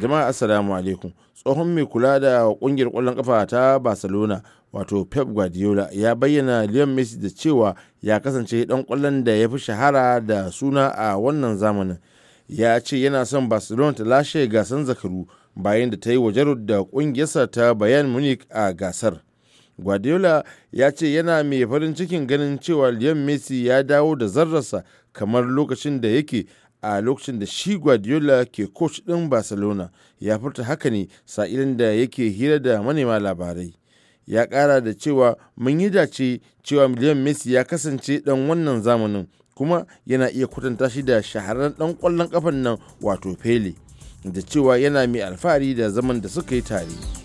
jama'a assalamu alaikum tsohon mai kula da kungiyar kwallon kafa ta barcelona wato pep guardiola ya bayyana liam messi da cewa ya kasance dan kwallon da ya fi shahara da suna a wannan zamanin ya ce yana son barcelona ta lashe gasan zakaru bayan da ta yi wajarud da kungiyarsa ta bayan munich a gasar guardiola ya ce yana mai farin cikin ganin cewa liam messi ya dawo da zarrarsa kamar lokacin da yake a lokacin da shi guardiola ke coach ɗin barcelona ya furta haka ne sa'ilin da yake hira da manema labarai ya ƙara da cewa mun yi dace cewa miliyan messi ya kasance ɗan wannan zamanin kuma yana iya kwatanta shi da shahararren ɗan ƙwallon ƙafan nan wato pele da cewa yana mai alfahari da zaman da suka yi tare.